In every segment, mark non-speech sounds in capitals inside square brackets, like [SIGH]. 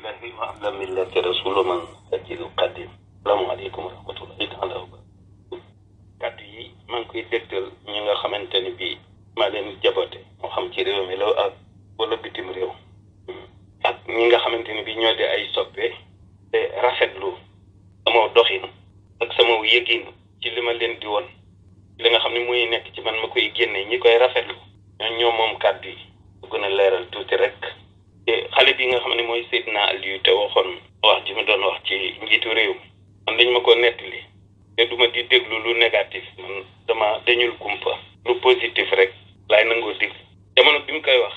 بالله وعلى ملة رسول من سجل قديم السلام عليكم ورحمة الله تعالى وبركاته kaddu yi maa ngi koy dégtal ñi nga xamante ni bii leen jaboote moo xam ci réew mi ak wala bitim ak ñi nga ñoo di ay soppe te rafetlu sama doxin ak sama yëgin ci li leen di won li nga xam ne muy nekk ci man ma koy génne ñi koy rafetlu ñoo ñoo kaddu yi rek xale bi nga xam ne mooy Seydina Aliou te waxoon wax ji ma doon wax ci njiitu réew man dañ ma ko nettali te duma di déglu lu négatif man dama dañul kumpa lu positif rek laay nangoo dégg jamono bi mu koy wax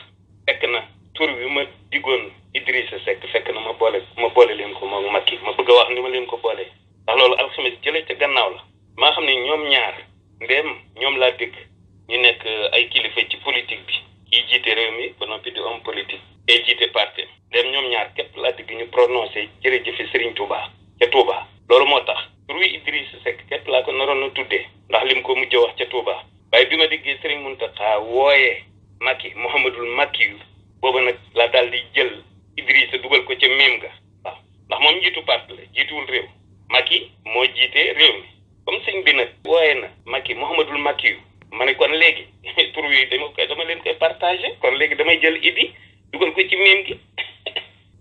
fekk na tur bi ma diggoon Idrissa Seck fekk na ma boole ma boole leen ko moom Macky ma bëgg a wax ni ma leen ko boole ndax loolu alxames jële ca gannaaw la maa xam ne ñoom ñaar ndéem ñoom laa dégg ñu nekk ay kilifa ci politique bi kiy jiite day jiite parti dem ñoom ñaar képp laa dégg ñu prononcé jërëjëfe Serigne Touba ca Touba loolu moo tax turu Idriss Seck képp laa ko naroon a tuddee ndax lim ko mujjee wax ca Touba waaye bi ma déggee Serigne Mountakha wooyee Macky Mouhamadul Macky yu booba nag la daal di jël Idrissa dugal ko ca miim ga waaw ndax moom jiitu parti la jiituwul réew Macky moo jiitee réew mi comme sëñ bi nag wooyee na Macky Mouhamadul Macky yu ma ne kon léegi [LAUGHS] tur yooyu dama koy dama leen koy partagé kon léegi damay jël Idi dugal ko ci miim gi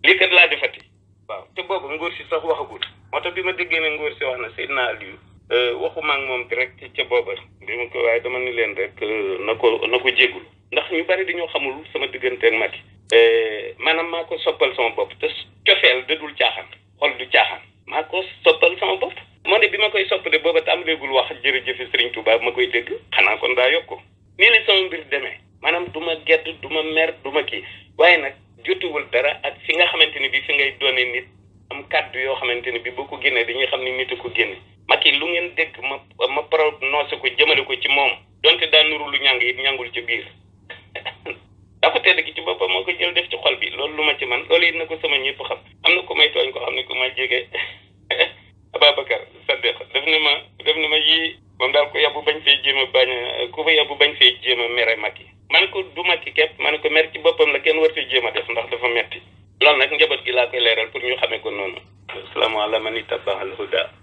lii kat laa defati waaw te boobu nguur si sax waxagul moo tax bi ma déggee ne nguur si wax na Seydina Aliou euh, waxuma ak moom direct ca booba bi ma ko waaye dama ni leen rek euh, na ko na ko jéggul ndax ñu bari dañoo xamul sama diggante ak Macky euh, maanaam maa ko soppal sama bopp te cofeel da dul caaxaan du caaxaan maa ko soppal sama bopp moo ne bi ma koy sopp de booba tàmbaleegul wax jërëjëf Serigne Touba ma koy dégg xanaa kon daa yokk nii la sama mbir demee manam duma gedd duma mer duma ki. waye nak nag jotuwul dara ak fi nga xamanteni bi fi ngay doone nit am kaddu yo xamanteni bi bu ko génnee dañuy xamni nit ko génne maki lu ngeen dégg ma ma prononcé ko jëmele ko ci mom donte da nuru lu ñang yi ñangul ci biir [LAUGHS] ko tedd ci bopam moo ko jël def ci xol bi loolu luma ci man loolu it nako sama ñepp xam amna na ku may toñ ko xam ma jégué [LAUGHS] Ababacar sadiq def ni ma def ni ma yi mom dal ko yabbu bañ fay bañ ku fa yabbu bañ fay mere maki man ko duma ci képp man ko mer ci boppam na kenn war ci jéem a def ndax dafa metti loolu nag njaboot gi laa koy leeral pour ñu xamee ko noonu. asalaamaaleykum man itam baaxal